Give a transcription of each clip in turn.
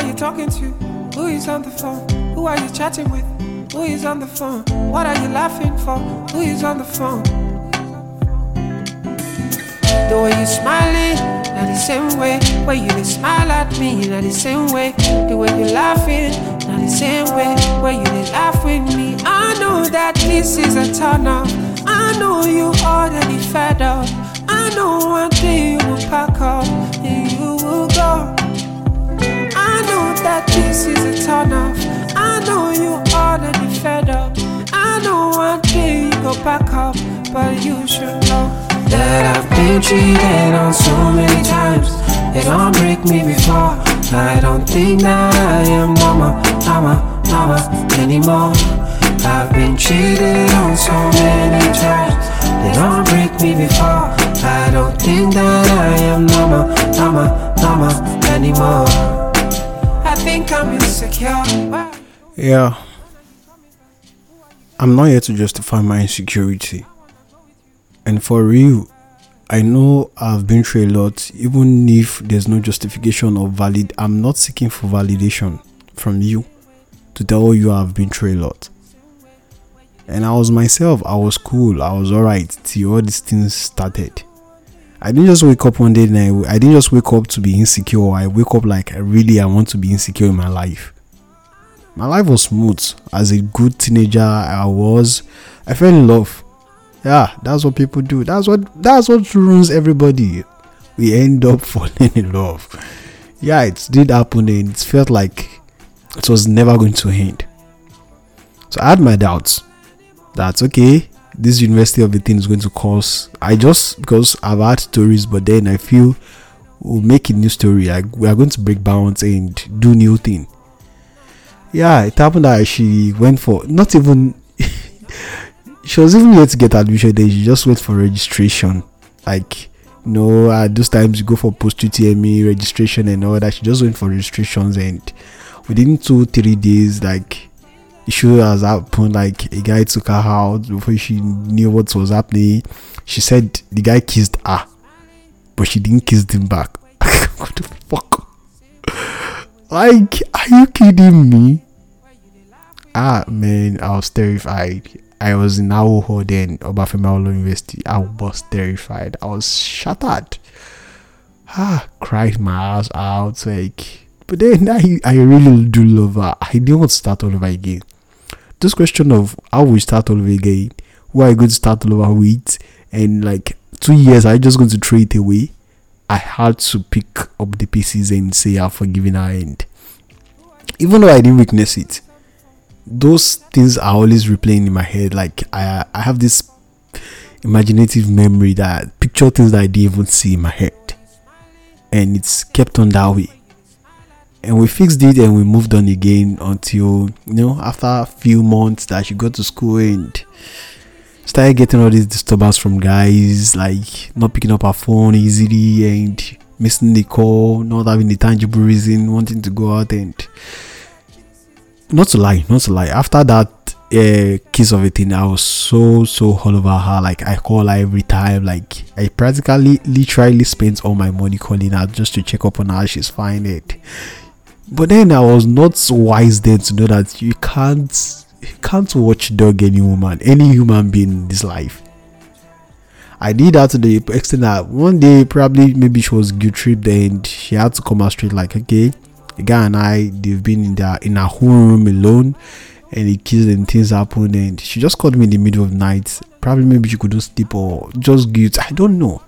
are you talking to? Who is on the phone? Who are you chatting with? Who is on the phone? What are you laughing for? Who is on the phone? The way you smiling, not the same way. When you smile at me, not the same way. The way you laughing, not the same way. When you laugh with me, I know that this is a tunnel. I know you already fed up. I know one day you will pack up and you will go that this is a turn off. I know you already fed up. I know one day you go back up, but you should know that I've been cheated on so many times. It don't break me before. I don't think that I am normal, normal, normal anymore. I've been cheated on so many times. They don't break me before. I don't think that I am normal, normal, normal anymore think I'm insecure. Yeah. I'm not here to justify my insecurity. And for real, I know I've been through a lot, even if there's no justification or valid, I'm not seeking for validation from you to tell you I've been through a lot. And I was myself, I was cool, I was alright till all these things started. I didn't just wake up one day and I, I didn't just wake up to be insecure. I wake up like I really I want to be insecure in my life. My life was smooth. As a good teenager, I was. I fell in love. Yeah, that's what people do. That's what that's what ruins everybody. We end up falling in love. Yeah, it did happen and it felt like it was never going to end. So I had my doubts. That's okay this university of the thing is going to cause i just because i've had stories but then i feel we'll make a new story like we are going to break bounds and do new thing yeah it happened that she went for not even she was even here to get admission then she just went for registration like you know at those times you go for post utme registration and all that she just went for registrations and within two three days like she has happened. Like a guy took her out before she knew what was happening. She said the guy kissed her, but she didn't kiss him back. what the fuck? like, are you kidding me? Ah man, I was terrified. I was in Aoho then, Obafemi Awolowo University. I was terrified. I was shattered. Ah, cried my ass out like but then I, I really do love her. I don't start all over again. This question of how we start all over again, who are you going to start all over with, and like two years, are you just going to throw it away? I had to pick up the pieces and say I've forgiven her, and even though I didn't witness it, those things are always replaying in my head. Like I, I have this imaginative memory that picture things that I didn't even see in my head, and it's kept on that way and we fixed it and we moved on again until you know after a few months that she got to school and started getting all these disturbance from guys like not picking up her phone easily and missing the call not having the tangible reason wanting to go out and not to lie not to lie after that uh, kiss of a thing i was so so all over her like i call her every time like i practically literally spent all my money calling her just to check up on her she's fine it but then I was not wise then to know that you can't you can't watch dog any woman, any human being in this life. I did that to the extent that one day probably maybe she was guilt tripped and she had to come out straight like okay, the guy and I they've been in their in our home room alone and he kissed and things happened and she just called me in the middle of the night. Probably maybe she couldn't sleep or just guilt. I don't know.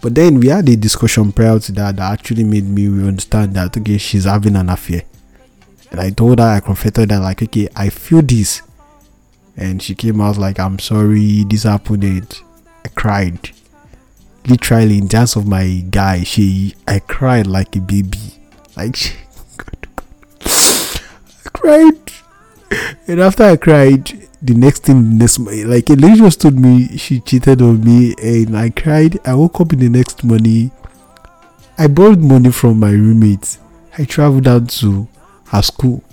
But then we had a discussion prior to that that actually made me understand that okay, she's having an affair. And I told her, I confronted her, like, okay, I feel this. And she came out like, I'm sorry, this happened. I cried. Literally, in terms of my guy, she, I cried like a baby. Like, she, I cried. And after I cried, the next thing, next like just told me she cheated on me, and I cried. I woke up in the next morning. I borrowed money from my roommates. I traveled out to her school.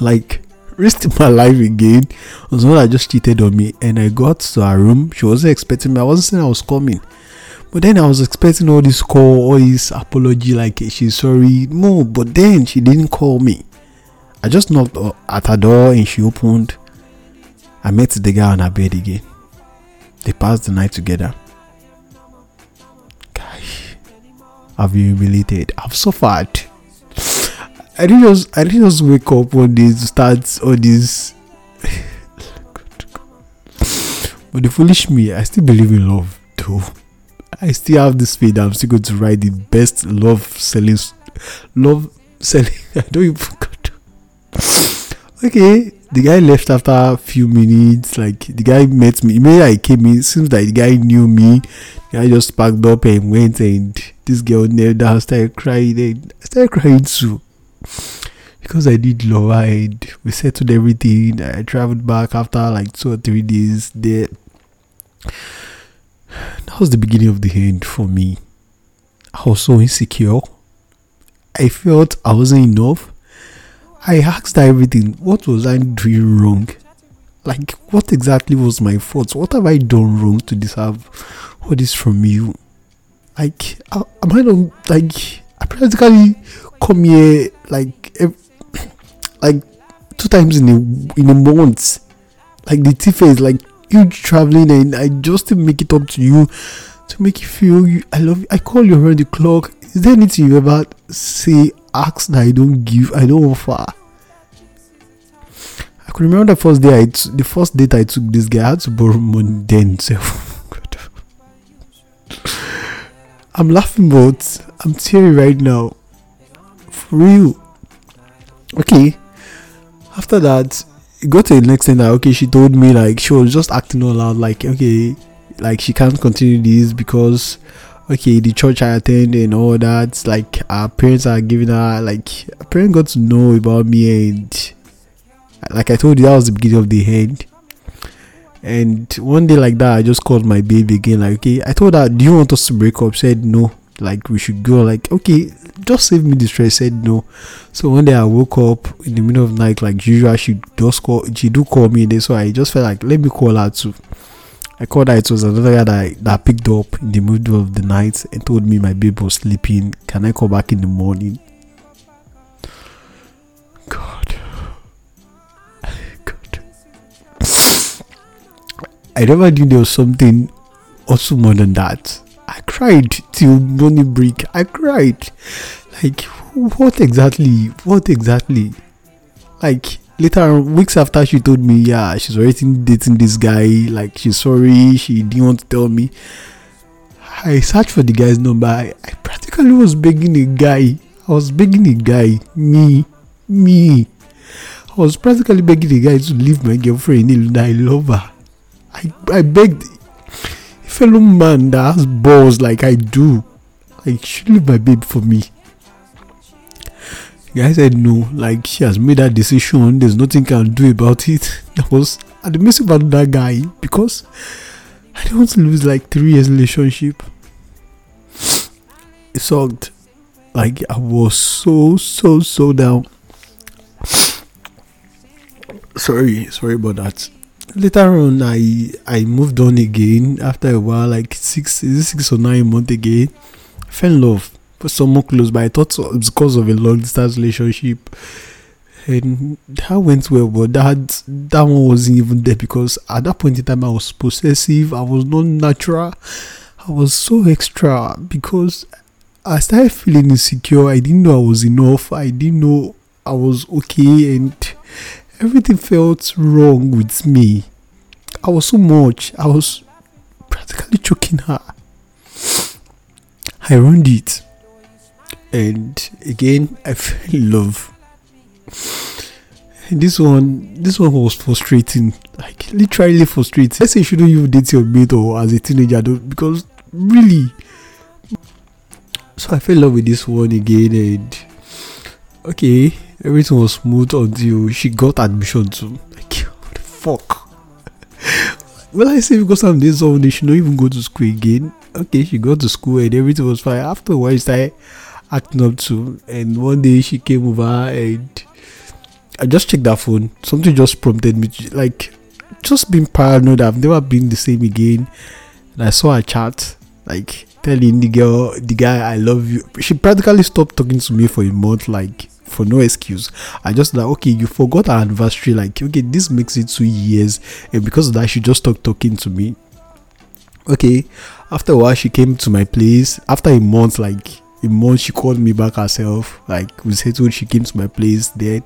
Like risked my life again. Was one I just cheated on me, and I got to her room. She wasn't expecting me. I wasn't saying I was coming. But then I was expecting all this call, all this apology, like eh, she's sorry. No, but then she didn't call me. I just knocked at her door and she opened. I met the girl on her bed again. They passed the night together. Gosh, I've been humiliated. I've suffered. I didn't just I didn't just wake up on these starts, on all this. but the foolish me, I still believe in love though. I still have this faith I'm still going to write the best love selling love selling I don't even okay the guy left after a few minutes like the guy met me maybe i came in seems like the guy knew me the guy just packed up and went and this girl knelt down started crying and i started crying too because i did love her and we settled everything i traveled back after like two or three days there that was the beginning of the end for me i was so insecure i felt i wasn't enough I asked everything. What was I doing wrong? Like, what exactly was my fault? What have I done wrong to deserve all this from you? Like, am I not like I practically come here like every, like two times in a in a month. Like the thief is like huge traveling, and I just make it up to you to make you feel you, I love you. I call you around the clock. Is there anything you ever say ask that I don't give, I don't offer. I could remember the first day I t- the first date I took this guy, I had to borrow money then I'm laughing but I'm teary right now. For real. Okay. After that, it got to the next thing that okay, she told me like she was just acting all out like okay, like she can't continue this because okay the church i attend and all that like our parents are giving her like a parents got to know about me and like i told you that was the beginning of the end and one day like that i just called my baby again like okay i told her do you want us to break up said no like we should go like okay just save me the stress said no so one day i woke up in the middle of the night like usual she just call she do call me and then so i just felt like let me call her too I called her. It was another guy that I, that picked up in the middle of the night and told me my baby was sleeping. Can I call back in the morning? God, God. I never knew there was something also more than that. I cried till morning break. I cried. Like what exactly? What exactly? Like later on, weeks after she told me, yeah, she's already dating this guy, like she's sorry, she didn't want to tell me. I searched for the guy's number. I, I practically was begging a guy. I was begging a guy, me, me. I was practically begging a guy to leave my girlfriend. I love her. I, I begged a fellow man that has balls like I do. Like, she leave my babe for me guy said no like she has made that decision there's nothing can do about it that was at the mercy of that guy because i don't want to lose like three years relationship it sucked like i was so so so down sorry sorry about that later on i i moved on again after a while like six six or nine months again fell in love someone close by. I thought because of a long distance relationship. And that went well, but that that one wasn't even there because at that point in time I was possessive, I was not natural, I was so extra because I started feeling insecure. I didn't know I was enough. I didn't know I was okay, and everything felt wrong with me. I was so much. I was practically choking her. I ruined it and again I fell in love. This one, this one was frustrating, like literally frustrating. I say shouldn't you date your mate or as a teenager though, because really. So I fell in love with this one again, and okay, everything was smooth until she got admission to like what the fuck. well, I say because I'm this old, she don't even go to school again. Okay, she got to school and everything was fine. Afterwards, I acting up to. And one day she came over and I just checked that phone. Something just prompted me, to, like, just being paranoid. I've never been the same again. And I saw her chat, like, telling the girl, the guy, I love you. She practically stopped talking to me for a month, like, for no excuse. I just like, okay, you forgot our anniversary. Like, okay, this makes it two years. And because of that, she just stopped talking to me. Okay. After a while, she came to my place. After a month, like, the month she called me back herself like we settled she came to my place then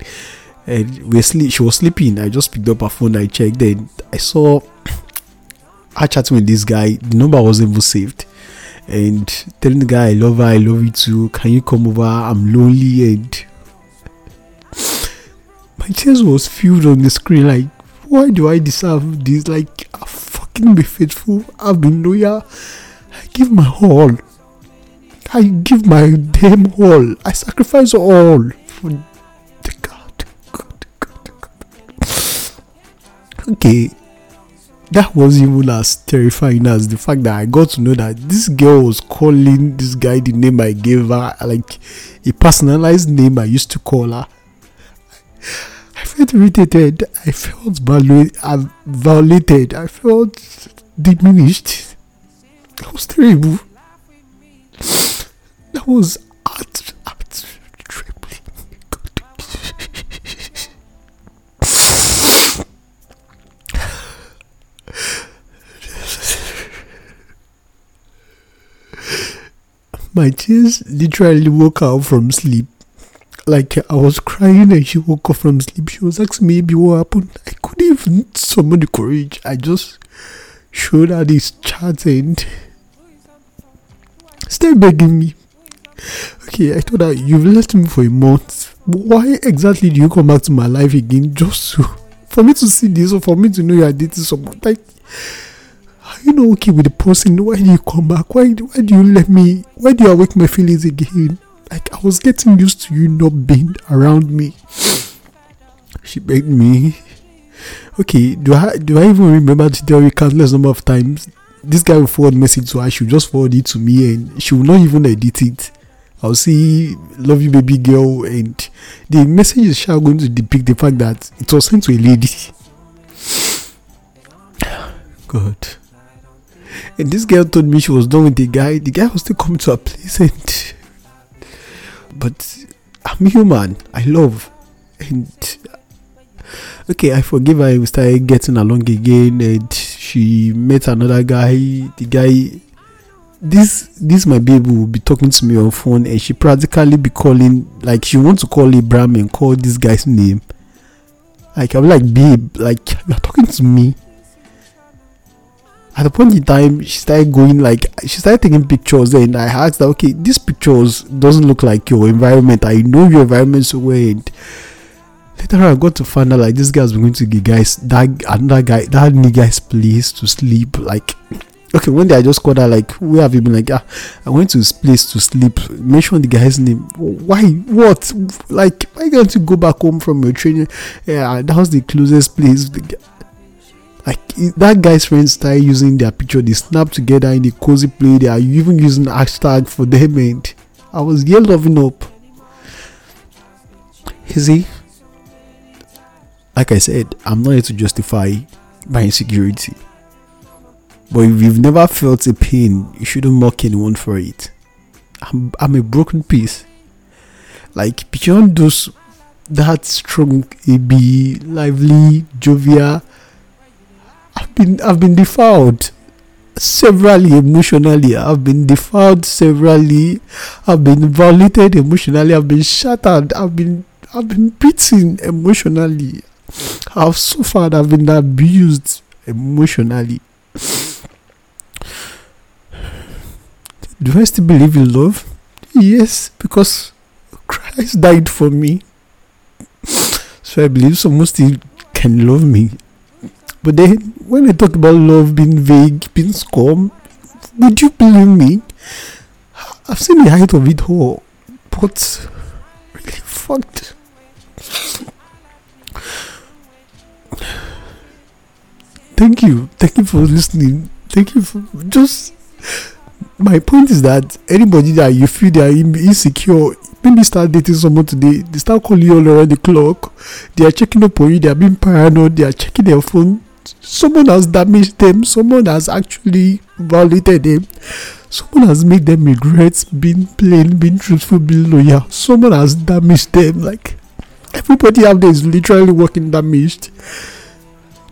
and we sleep she was sleeping i just picked up her phone i checked then i saw her chatting with this guy the number wasn't even saved and telling the guy i love her i love you too can you come over i'm lonely and my tears was filled on the screen like why do i deserve this like i fucking be faithful i've been loyal i give my all I give my damn all. I sacrifice all for the God. God, God, God. Okay, that was even as terrifying as the fact that I got to know that this girl was calling this guy the name I gave her, like a personalized name I used to call her. I felt irritated. I felt uh, violated. I felt diminished. It was terrible that was absolutely at good. My tears literally woke out from sleep. Like I was crying and she woke up from sleep. She was asking me maybe what happened. I couldn't even summon the courage. I just showed her this chat and started begging me okay, I told her, You've left me for a month. Why exactly do you come back to my life again just to, for me to see this or for me to know you are dating someone? Like, are you not okay with the person? Why do you come back? Why, why do you let me? Why do you awake my feelings again? Like, I was getting used to you not being around me. She begged me. Okay, do I do I even remember to tell you countless number of times this guy will forward message to her, she'll just forward it to me and she will not even edit it. I'll see love you baby girl and the message is sure going to depict the fact that it was sent to a lady. God. And this girl told me she was done with the guy. The guy was still coming to her place and but I'm human. I love and okay, I forgive her. We started getting along again and she met another guy. The guy this this my baby will be talking to me on phone and she practically be calling like she want to call Abraham and call this guy's name. Like I'm like babe, like you're talking to me. At the point in time, she started going like she started taking pictures and I asked her, okay, these pictures doesn't look like your environment. I know your environment so well and later on I got to find out like this guy's going to give guys that another guy that nigga's place to sleep like okay one day i just called her like where have you been like ah i went to this place to sleep mention the guy's name why what like why do not you go back home from your training yeah that was the closest place the, like that guy's friends started using their picture they snap together in the cozy play they are even using hashtag for them and i was yelled loving up you see like i said i'm not here to justify my insecurity but if you've never felt a pain, you shouldn't mock anyone for it. I'm, I'm a broken piece. Like beyond those, that strong, AB, lively, jovial. I've been I've been defiled severally emotionally. I've been defiled severally. I've been violated emotionally. I've been shattered. I've been I've been beaten emotionally. I've suffered. I've been abused emotionally. Do I still believe in love? Yes, because Christ died for me. so I believe someone still can love me. But then, when I talk about love being vague, being scum, would you believe me? I've seen the height of it all, but really fucked. Thank you. Thank you for listening. Thank you for just my point is that anybody that you feel they are insecure maybe start dating someone today they start calling you all around the clock they are checking up on you they are being paranoid they are checking their phone someone has damaged them someone has actually violated them someone has made them regret being plain being truthful being loyal someone has damaged them like everybody out there is literally working damaged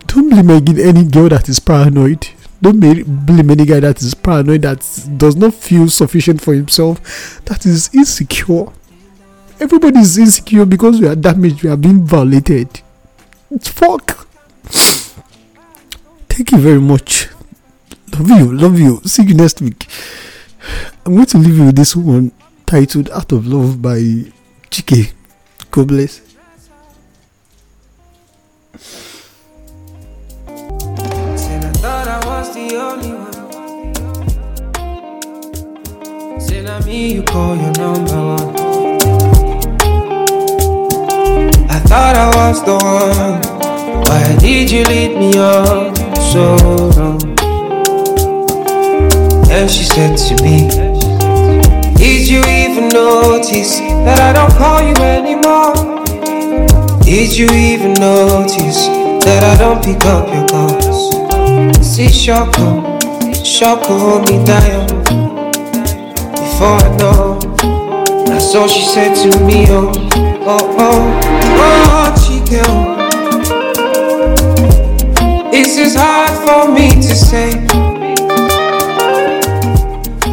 don't blame again any girl that is paranoid don't blame any guy that is paranoid, that does not feel sufficient for himself, that is insecure. Everybody is insecure because we are damaged, we are being violated. It's fuck. Thank you very much. Love you, love you. See you next week. I'm going to leave you with this one titled Out of Love by Chike. God bless. the only one. Say not me, you call your number one. I thought I was the one. Why did you lead me on so long? And she said to me, Did you even notice that I don't call you anymore? Did you even notice that I don't pick up your call? see Shoko, Shoko hold me down. Before I know, that's all she said to me. Oh, oh, oh, oh, Chico. Oh. This is hard for me to say.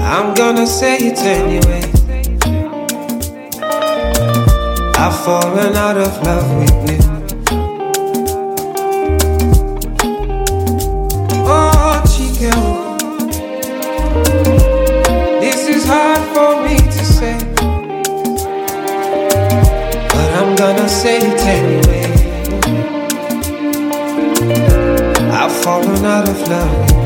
I'm gonna say it anyway. I've fallen out of love with you. falling out of love